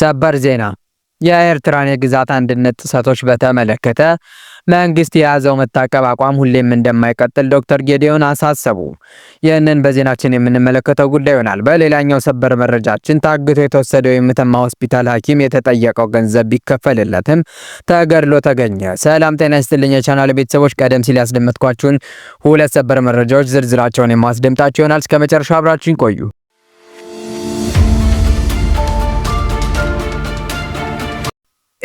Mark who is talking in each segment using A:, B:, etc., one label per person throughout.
A: ሰበር ዜና የኤርትራን የግዛት አንድነት ጥሰቶች በተመለከተ መንግስት የያዘው መታቀብ አቋም ሁሌም እንደማይቀጥል ዶክተር ጌዲዮን አሳሰቡ። ይህንን በዜናችን የምንመለከተው ጉዳይ ይሆናል። በሌላኛው ሰበር መረጃችን ታግቶ የተወሰደው የመተማ ሆስፒታል ሐኪም የተጠየቀው ገንዘብ ቢከፈልለትም ተገድሎ ተገኘ። ሰላም ጤና ይስጥልኝ የቻናል ቤተሰቦች፣ ቀደም ሲል ያስደመጥኳችሁን ሁለት ሰበር መረጃዎች ዝርዝራቸውን የማስደምጣቸው ይሆናል። እስከ መጨረሻ አብራችን ቆዩ።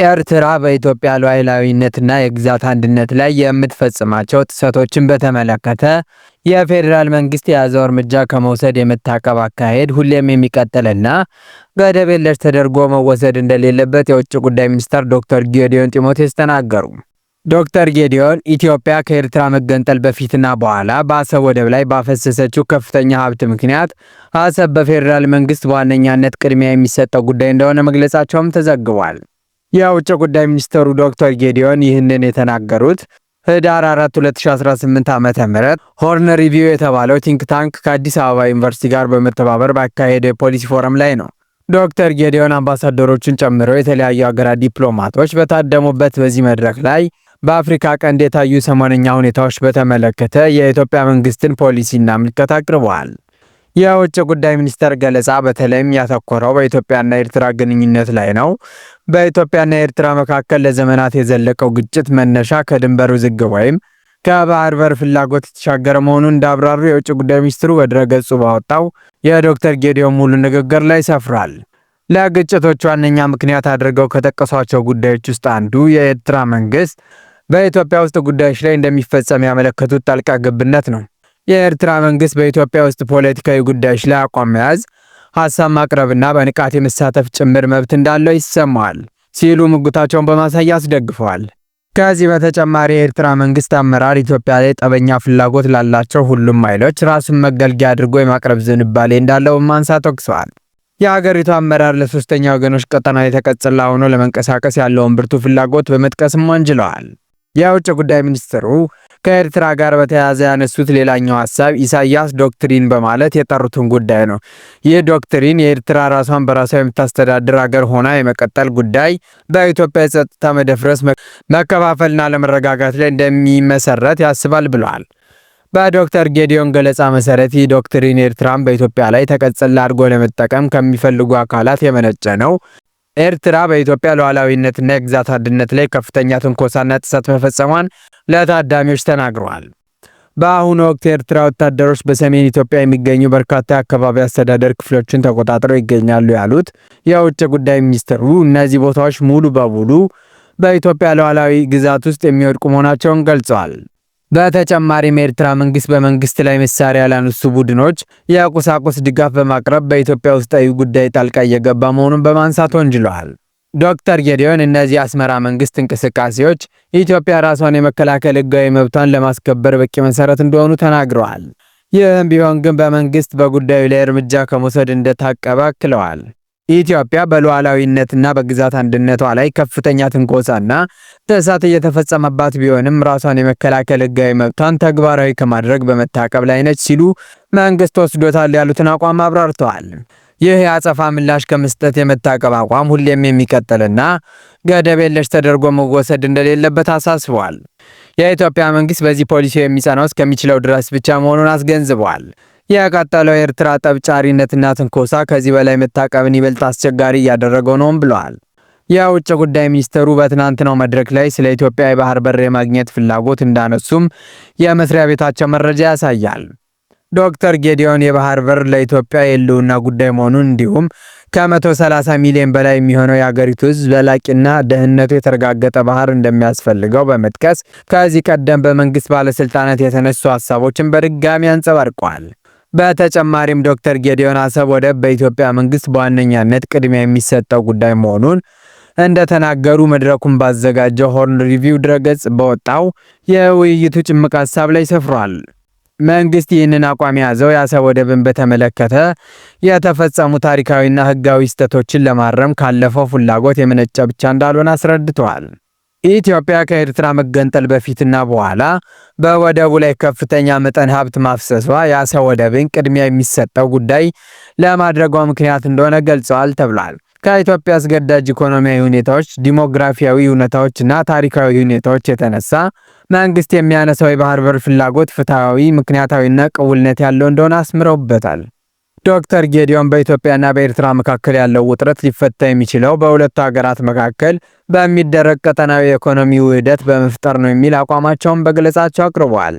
A: ኤርትራ በኢትዮጵያ ሉዓላዊነትና የግዛት አንድነት ላይ የምትፈጽማቸው ጥሰቶችን በተመለከተ የፌዴራል መንግስት የያዘው እርምጃ ከመውሰድ የመታቀብ አካሄድ ሁሌም የሚቀጥልና ገደብ የለሽ ተደርጎ መወሰድ እንደሌለበት የውጭ ጉዳይ ሚኒስትር ዶክተር ጌዲዮን ጢሞቴስ ተናገሩ። ዶክተር ጌዲዮን ኢትዮጵያ ከኤርትራ መገንጠል በፊትና በኋላ በአሰብ ወደብ ላይ ባፈሰሰችው ከፍተኛ ሀብት ምክንያት አሰብ በፌዴራል መንግስት በዋነኛነት ቅድሚያ የሚሰጠው ጉዳይ እንደሆነ መግለጻቸውም ተዘግቧል። የውጭ ጉዳይ ሚኒስትሩ ዶክተር ጌዲዮን ይህንን የተናገሩት ህዳር 4 2018 ዓ.ም ሆርን ሪቪው የተባለው ቲንክ ታንክ ከአዲስ አበባ ዩኒቨርሲቲ ጋር በመተባበር ባካሄደው የፖሊሲ ፎረም ላይ ነው። ዶክተር ጌዲዮን አምባሳደሮችን ጨምሮ የተለያዩ ሀገራት ዲፕሎማቶች በታደሙበት በዚህ መድረክ ላይ በአፍሪካ ቀንድ የታዩ ሰሞነኛ ሁኔታዎች በተመለከተ የኢትዮጵያ መንግስትን ፖሊሲና ምልከታ አቅርበዋል። የውጭ ጉዳይ ሚኒስቴር ገለጻ በተለይም ያተኮረው በኢትዮጵያና ኤርትራ ግንኙነት ላይ ነው። በኢትዮጵያና ኤርትራ መካከል ለዘመናት የዘለቀው ግጭት መነሻ ከድንበር ውዝግብ ወይም ከባህር በር ፍላጎት የተሻገረ መሆኑን እንዳብራሩ የውጭ ጉዳይ ሚኒስትሩ በድረገጹ ባወጣው የዶክተር ጌዲዮን ሙሉ ንግግር ላይ ሰፍሯል። ለግጭቶች ዋነኛ ምክንያት አድርገው ከጠቀሷቸው ጉዳዮች ውስጥ አንዱ የኤርትራ መንግስት በኢትዮጵያ ውስጥ ጉዳዮች ላይ እንደሚፈጸም ያመለከቱት ጣልቃ ገብነት ነው። የኤርትራ መንግስት በኢትዮጵያ ውስጥ ፖለቲካዊ ጉዳዮች ላይ አቋም መያዝ፣ ሀሳብ ማቅረብና በንቃት የመሳተፍ ጭምር መብት እንዳለው ይሰማዋል ሲሉ ሙግታቸውን በማሳያ አስደግፈዋል። ከዚህ በተጨማሪ የኤርትራ መንግስት አመራር ኢትዮጵያ ላይ ጠበኛ ፍላጎት ላላቸው ሁሉም ኃይሎች ራሱን መገልገያ አድርጎ የማቅረብ ዝንባሌ እንዳለው ማንሳ ተኩሰዋል። የሀገሪቱ አመራር ለሶስተኛ ወገኖች ቀጠና የተቀጽላ ሆኖ ለመንቀሳቀስ ያለውን ብርቱ ፍላጎት በመጥቀስም ወንጅለዋል። የውጭ ጉዳይ ሚኒስትሩ ከኤርትራ ጋር በተያያዘ ያነሱት ሌላኛው ሀሳብ ኢሳያስ ዶክትሪን በማለት የጠሩትን ጉዳይ ነው። ይህ ዶክትሪን የኤርትራ ራሷን በራሷ የምታስተዳድር አገር ሆና የመቀጠል ጉዳይ በኢትዮጵያ የጸጥታ መደፍረስ፣ መከፋፈልና ለመረጋጋት ላይ እንደሚመሰረት ያስባል ብለዋል። በዶክተር ጌዲዮን ገለጻ መሰረት ይህ ዶክትሪን ኤርትራን በኢትዮጵያ ላይ ተቀጽላ አድርጎ ለመጠቀም ከሚፈልጉ አካላት የመነጨ ነው። ኤርትራ በኢትዮጵያ ሉዓላዊነትና የግዛት አንድነት ላይ ከፍተኛ ትንኮሳና ጥሰት መፈጸሟን ለታዳሚዎች ተናግረዋል። በአሁኑ ወቅት የኤርትራ ወታደሮች በሰሜን ኢትዮጵያ የሚገኙ በርካታ የአካባቢ አስተዳደር ክፍሎችን ተቆጣጥረው ይገኛሉ ያሉት የውጭ ጉዳይ ሚኒስትሩ እነዚህ ቦታዎች ሙሉ በሙሉ በኢትዮጵያ ሉዓላዊ ግዛት ውስጥ የሚወድቁ መሆናቸውን ገልጸዋል። በተጨማሪም የኤርትራ መንግስት በመንግስት ላይ መሳሪያ ላነሱ ቡድኖች የቁሳቁስ ድጋፍ በማቅረብ በኢትዮጵያ ውስጣዊ ጉዳይ ጣልቃ እየገባ መሆኑን በማንሳት ወንጅለዋል። ዶክተር ጌዲዮን እነዚህ አስመራ መንግስት እንቅስቃሴዎች ኢትዮጵያ ራሷን የመከላከል ህጋዊ መብቷን ለማስከበር በቂ መሰረት እንደሆኑ ተናግረዋል። ይህም ቢሆን ግን በመንግስት በጉዳዩ ላይ እርምጃ ከመውሰድ እንደታቀበ አክለዋል። ኢትዮጵያ በሉዓላዊነትና በግዛት አንድነቷ ላይ ከፍተኛ ትንኮሳና ጥሰት እየተፈጸመባት ቢሆንም ራሷን የመከላከል ህጋዊ መብቷን ተግባራዊ ከማድረግ በመታቀብ ላይ ነች ሲሉ መንግስት ወስዶታል ያሉትን አቋም አብራርተዋል። ይህ የአጸፋ ምላሽ ከመስጠት የመታቀብ አቋም ሁሌም የሚቀጥልና ገደብ የለሽ ተደርጎ መወሰድ እንደሌለበት አሳስበዋል። የኢትዮጵያ መንግስት በዚህ ፖሊሲ የሚጸናው እስከሚችለው ድረስ ብቻ መሆኑን አስገንዝበዋል። የቀጠለው የኤርትራ ጠብጫሪነትና ትንኮሳ ከዚህ በላይ መታቀብን ይበልጥ አስቸጋሪ እያደረገው ነውም ብለዋል። የውጭ ጉዳይ ሚኒስተሩ በትናንትናው መድረክ ላይ ስለ ኢትዮጵያ የባህር በር የማግኘት ፍላጎት እንዳነሱም የመስሪያ ቤታቸው መረጃ ያሳያል። ዶክተር ጌዲዮን የባህር በር ለኢትዮጵያ የልውና ጉዳይ መሆኑን እንዲሁም ከ130 ሚሊዮን በላይ የሚሆነው የአገሪቱ ህዝብ ዘላቂና ደህንነቱ የተረጋገጠ ባህር እንደሚያስፈልገው በመጥቀስ ከዚህ ቀደም በመንግስት ባለስልጣናት የተነሱ ሀሳቦችን በድጋሚ አንጸባርቋል። በተጨማሪም ዶክተር ጌዲዮን አሰብ ወደብ በኢትዮጵያ መንግስት በዋነኛነት ቅድሚያ የሚሰጠው ጉዳይ መሆኑን እንደተናገሩ መድረኩን ባዘጋጀው ሆርን ሪቪው ድረገጽ በወጣው የውይይቱ ጭምቅ ሀሳብ ላይ ሰፍሯል። መንግስት ይህንን አቋም የያዘው የአሰብ ወደብን በተመለከተ የተፈጸሙ ታሪካዊና ህጋዊ ስህተቶችን ለማረም ካለፈው ፍላጎት የመነጨ ብቻ እንዳልሆነ አስረድተዋል። ኢትዮጵያ ከኤርትራ መገንጠል በፊትና በኋላ በወደቡ ላይ ከፍተኛ መጠን ሀብት ማፍሰሷ የአሰብ ወደብን ቅድሚያ የሚሰጠው ጉዳይ ለማድረጓ ምክንያት እንደሆነ ገልጸዋል ተብሏል። ከኢትዮጵያ አስገዳጅ ኢኮኖሚያዊ ሁኔታዎች፣ ዲሞግራፊያዊ እውነታዎችና ታሪካዊ ሁኔታዎች የተነሳ መንግስት የሚያነሳው የባህር በር ፍላጎት ፍትሐዊ፣ ምክንያታዊና ቅቡልነት ያለው እንደሆነ አስምረውበታል። ዶክተር ጌዲዮን በኢትዮጵያና በኤርትራ መካከል ያለው ውጥረት ሊፈታ የሚችለው በሁለቱ ሀገራት መካከል በሚደረግ ቀጠናዊ የኢኮኖሚ ውህደት በመፍጠር ነው የሚል አቋማቸውን በገለጻቸው አቅርበዋል።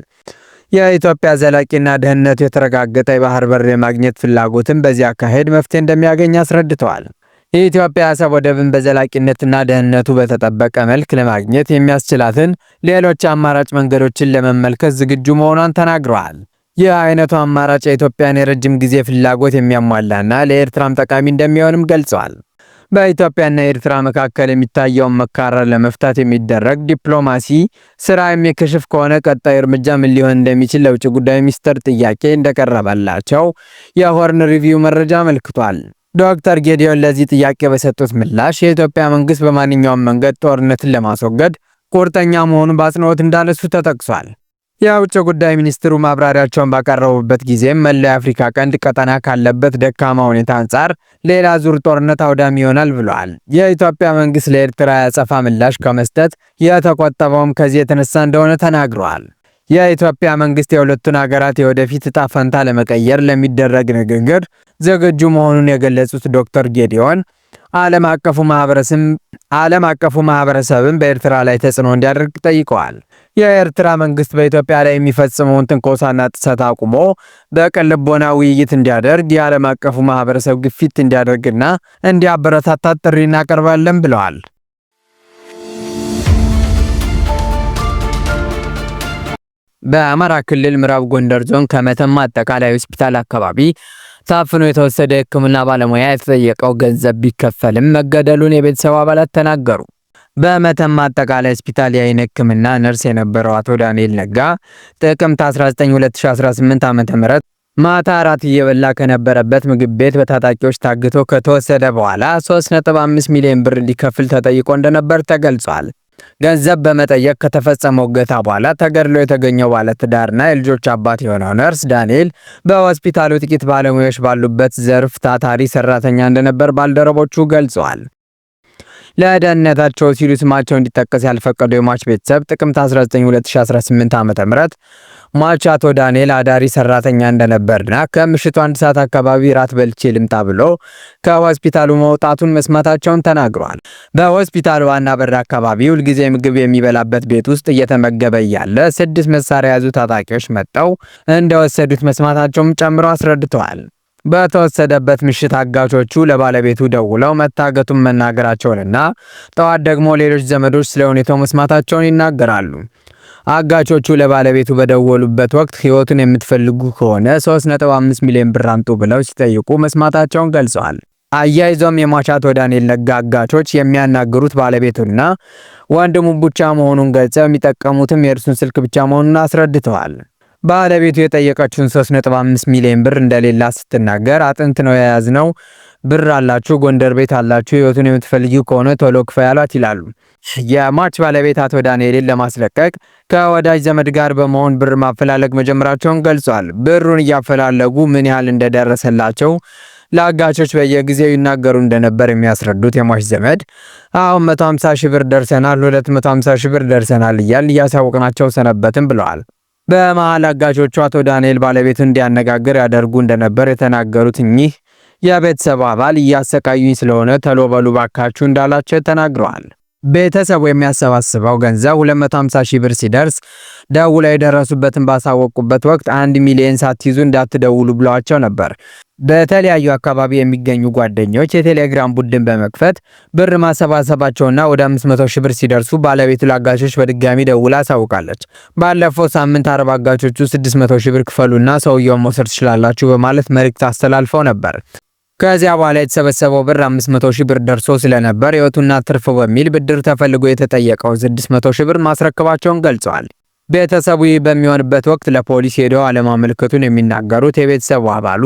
A: የኢትዮጵያ ዘላቂና ደህንነቱ የተረጋገጠ የባህር በር የማግኘት ፍላጎትን በዚህ አካሄድ መፍትሄ እንደሚያገኝ አስረድተዋል። የኢትዮጵያ አሰብ ወደብን በዘላቂነትና ደህንነቱ በተጠበቀ መልክ ለማግኘት የሚያስችላትን ሌሎች አማራጭ መንገዶችን ለመመልከት ዝግጁ መሆኗን ተናግረዋል። ይህ አይነቱ አማራጭ የኢትዮጵያን የረጅም ጊዜ ፍላጎት የሚያሟላና ለኤርትራም ጠቃሚ እንደሚሆንም ገልጸዋል። በኢትዮጵያና ኤርትራ መካከል የሚታየውን መካረር ለመፍታት የሚደረግ ዲፕሎማሲ ስራ የሚከሽፍ ከሆነ ቀጣይ እርምጃ ምን ሊሆን እንደሚችል ለውጭ ጉዳይ ሚኒስቴር ጥያቄ እንደቀረበላቸው የሆርን ሪቪው መረጃ አመልክቷል። ዶክተር ጌዲዮን ለዚህ ጥያቄ በሰጡት ምላሽ የኢትዮጵያ መንግስት በማንኛውም መንገድ ጦርነትን ለማስወገድ ቁርጠኛ መሆኑን በአጽንኦት እንዳነሱ ተጠቅሷል። የውጭ ጉዳይ ሚኒስትሩ ማብራሪያቸውን ባቀረቡበት ጊዜም መላው የአፍሪካ ቀንድ ቀጠና ካለበት ደካማ ሁኔታ አንጻር ሌላ ዙር ጦርነት አውዳሚ ይሆናል ብለዋል። የኢትዮጵያ መንግስት ለኤርትራ ያጸፋ ምላሽ ከመስጠት የተቆጠበውም ከዚህ የተነሳ እንደሆነ ተናግረዋል። የኢትዮጵያ መንግስት የሁለቱን ሀገራት የወደፊት እጣ ፈንታ ለመቀየር ለሚደረግ ንግግር ዝግጁ መሆኑን የገለጹት ዶክተር ጌዲዮን ዓለም አቀፉ ማህበረሰብ ዓለም አቀፉ ማህበረሰብን በኤርትራ ላይ ተጽዕኖ እንዲያደርግ ጠይቀዋል። የኤርትራ መንግስት በኢትዮጵያ ላይ የሚፈጽመውን ትንኮሳና ጥሰት አቁሞ በቅን ልቦና ውይይት እንዲያደርግ የዓለም አቀፉ ማህበረሰብ ግፊት እንዲያደርግና እንዲያበረታታት ጥሪ እናቀርባለን ብለዋል። በአማራ ክልል ምዕራብ ጎንደር ዞን ከመተማ አጠቃላይ ሆስፒታል አካባቢ ታፍኖ የተወሰደ የሕክምና ባለሙያ የተጠየቀው ገንዘብ ቢከፈልም መገደሉን የቤተሰቡ አባላት ተናገሩ። በመተማ አጠቃላይ ሆስፒታል የአይን ሕክምና ነርስ የነበረው አቶ ዳንኤል ነጋ ጥቅምት 19 2018 ዓ.ም ማታ አራት እየበላ ከነበረበት ምግብ ቤት በታጣቂዎች ታግቶ ከተወሰደ በኋላ 3.5 ሚሊዮን ብር እንዲከፍል ተጠይቆ እንደነበር ተገልጿል። ገንዘብ በመጠየቅ ከተፈጸመው እገታ በኋላ ተገድሎ የተገኘው ባለትዳርና የልጆች አባት የሆነው ነርስ ዳንኤል በሆስፒታሉ ጥቂት ባለሙያዎች ባሉበት ዘርፍ ታታሪ ሰራተኛ እንደነበር ባልደረቦቹ ገልጸዋል። ለደህንነታቸው ሲሉ ስማቸው እንዲጠቀስ ያልፈቀዱ የሟች ቤተሰብ ጥቅምት 19 2018 ዓ.ም ሟቹ አቶ ዳንኤል አዳሪ ሰራተኛ እንደነበርና ከምሽቱ አንድ ሰዓት አካባቢ ራት በልቼ ልምጣ ብሎ ከሆስፒታሉ መውጣቱን መስማታቸውን ተናግሯል። በሆስፒታሉ ዋና በር አካባቢ ሁልጊዜ ምግብ የሚበላበት ቤት ውስጥ እየተመገበ እያለ ስድስት መሳሪያ የያዙ ታጣቂዎች መጠው እንደወሰዱት መስማታቸውም ጨምሮ አስረድተዋል። በተወሰደበት ምሽት አጋቾቹ ለባለቤቱ ደውለው መታገቱን መናገራቸውንና ጠዋት ደግሞ ሌሎች ዘመዶች ስለ ሁኔታው መስማታቸውን ይናገራሉ። አጋቾቹ ለባለቤቱ በደወሉበት ወቅት ህይወቱን የምትፈልጉ ከሆነ 3.5 ሚሊዮን ብር አምጡ ብለው ሲጠይቁ መስማታቸውን ገልጸዋል። አያይዞም የሟች አቶ ዳንኤል ነጋ አጋቾች የሚያናግሩት ባለቤቱና ወንድሙ ብቻ መሆኑን ገልጸው የሚጠቀሙትም የእርሱን ስልክ ብቻ መሆኑን አስረድተዋል። ባለቤቱ የጠየቀችውን 3.5 ሚሊዮን ብር እንደሌላ ስትናገር አጥንት ነው የያዝነው ብር አላችሁ፣ ጎንደር ቤት አላችሁ፣ ህይወቱን የምትፈልጊው ከሆነ ቶሎ ክፈይ ይላሉ። የሟች ባለቤት አቶ ዳንኤልን ለማስለቀቅ ከወዳጅ ዘመድ ጋር በመሆን ብር ማፈላለግ መጀመራቸውን ገልጿል። ብሩን እያፈላለጉ ምን ያህል እንደደረሰላቸው ለአጋቾች በየጊዜው ይናገሩ እንደነበር የሚያስረዱት የሟች ዘመድ አሁን 150 ሺህ ብር ደርሰናል፣ 250 ሺህ ብር ደርሰናል እያል እያሳወቅናቸው ሰነበትም ብለዋል። በመሃል አጋቾቹ አቶ ዳንኤል ባለቤቱን እንዲያነጋግር ያደርጉ እንደነበር የተናገሩት እኚህ የቤተሰቡ አባል እያሰቃዩኝ ስለሆነ ተሎ በሉ ባካችሁ እንዳላቸው ተናግረዋል። ቤተሰቡ የሚያሰባስበው ገንዘብ 250 ሺህ ብር ሲደርስ ላይ የደረሱበትን ባሳወቁበት ወቅት አንድ ሚሊዮን ሳትይዙ እንዳትደውሉ ብለዋቸው ነበር። በተለያዩ አካባቢ የሚገኙ ጓደኞች የቴሌግራም ቡድን በመክፈት ብር ማሰባሰባቸውና ወደ 500 ሺህ ብር ሲደርሱ ባለቤቱ ለአጋቾች በድጋሚ ደውላ አሳውቃለች። ባለፈው ሳምንት አርባ አጋቾቹ 600 ሺህ ብር ክፈሉና ሰውየውን መውሰድ ትችላላችሁ በማለት መልእክት አስተላልፈው ነበር። ከዚያ በኋላ የተሰበሰበው ብር 500 ሺህ ብር ደርሶ ስለነበር ሕይወቱና ትርፉ በሚል ብድር ተፈልጎ የተጠየቀውን 600 ሺህ ብር ማስረከባቸውን ገልጸዋል። ቤተሰቡ ይህ በሚሆንበት ወቅት ለፖሊስ ሄደው አለማመልከቱን የሚናገሩት የቤተሰቡ አባሉ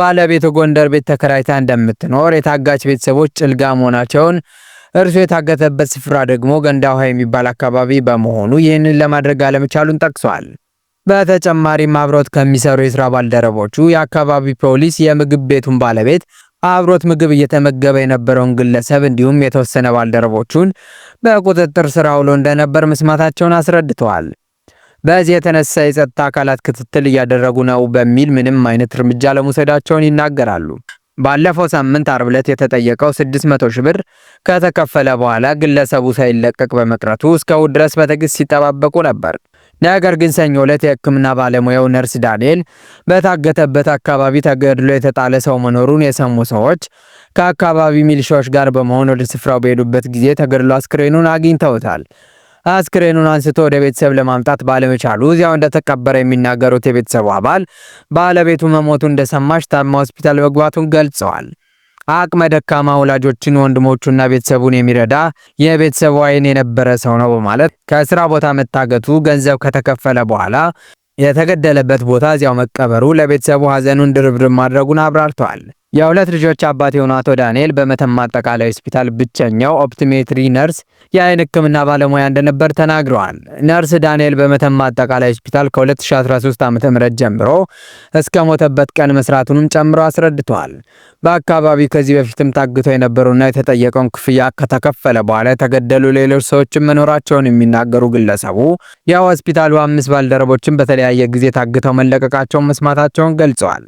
A: ባለቤቱ ጎንደር ቤት ተከራይታ እንደምትኖር፣ የታጋች ቤተሰቦች ጭልጋ መሆናቸውን፣ እርሱ የታገተበት ስፍራ ደግሞ ገንዳ ውሃ የሚባል አካባቢ በመሆኑ ይህንን ለማድረግ አለመቻሉን ጠቅሷል። በተጨማሪም አብሮት ከሚሰሩ የስራ ባልደረቦቹ የአካባቢ ፖሊስ፣ የምግብ ቤቱን ባለቤት፣ አብሮት ምግብ እየተመገበ የነበረውን ግለሰብ እንዲሁም የተወሰነ ባልደረቦቹን በቁጥጥር ስር አውሎ እንደነበር መስማታቸውን አስረድተዋል። በዚህ የተነሳ የጸጥታ አካላት ክትትል እያደረጉ ነው በሚል ምንም አይነት እርምጃ ለመውሰዳቸውን ይናገራሉ። ባለፈው ሳምንት አርብ ዕለት የተጠየቀው 600 ሺህ ብር ከተከፈለ በኋላ ግለሰቡ ሳይለቀቅ በመቅረቱ እስከ እሑድ ድረስ በትዕግስት ሲጠባበቁ ነበር። ነገር ግን ሰኞ ዕለት የሕክምና ባለሙያው ነርስ ዳንኤል በታገተበት አካባቢ ተገድሎ የተጣለ ሰው መኖሩን የሰሙ ሰዎች ከአካባቢ ሚሊሻዎች ጋር በመሆን ወደ ስፍራው በሄዱበት ጊዜ ተገድሎ አስክሬኑን አግኝተውታል። አስክሬኑን አንስቶ ወደ ቤተሰብ ለማምጣት ባለመቻሉ እዚያው እንደተቀበረ የሚናገሩት የቤተሰቡ አባል ባለቤቱ መሞቱ እንደሰማች ታማ ሆስፒታል መግባቱን ገልጸዋል። አቅመ ደካማ ወላጆችን ወንድሞቹና ቤተሰቡን የሚረዳ የቤተሰቡ አይን የነበረ ሰው ነው በማለት ከስራ ቦታ መታገቱ፣ ገንዘብ ከተከፈለ በኋላ የተገደለበት ቦታ እዚያው መቀበሩ ለቤተሰቡ ሀዘኑን ድርብርብ ማድረጉን አብራርተዋል። የሁለት ልጆች አባት የሆኑ አቶ ዳንኤል በመተማ አጠቃላይ ሆስፒታል ብቸኛው ኦፕቲሜትሪ ነርስ የአይን ሕክምና ባለሙያ እንደነበር ተናግረዋል። ነርስ ዳንኤል በመተማ አጠቃላይ ሆስፒታል ከ2013 ዓ.ም ጀምሮ እስከ ሞተበት ቀን መስራቱንም ጨምሮ አስረድተዋል። በአካባቢው ከዚህ በፊትም ታግተው የነበሩና የተጠየቀውን ክፍያ ከተከፈለ በኋላ የተገደሉ ሌሎች ሰዎችም መኖራቸውን የሚናገሩ ግለሰቡ የሆስፒታሉ አምስት ባልደረቦችን በተለያየ ጊዜ ታግተው መለቀቃቸውን መስማታቸውን ገልጸዋል።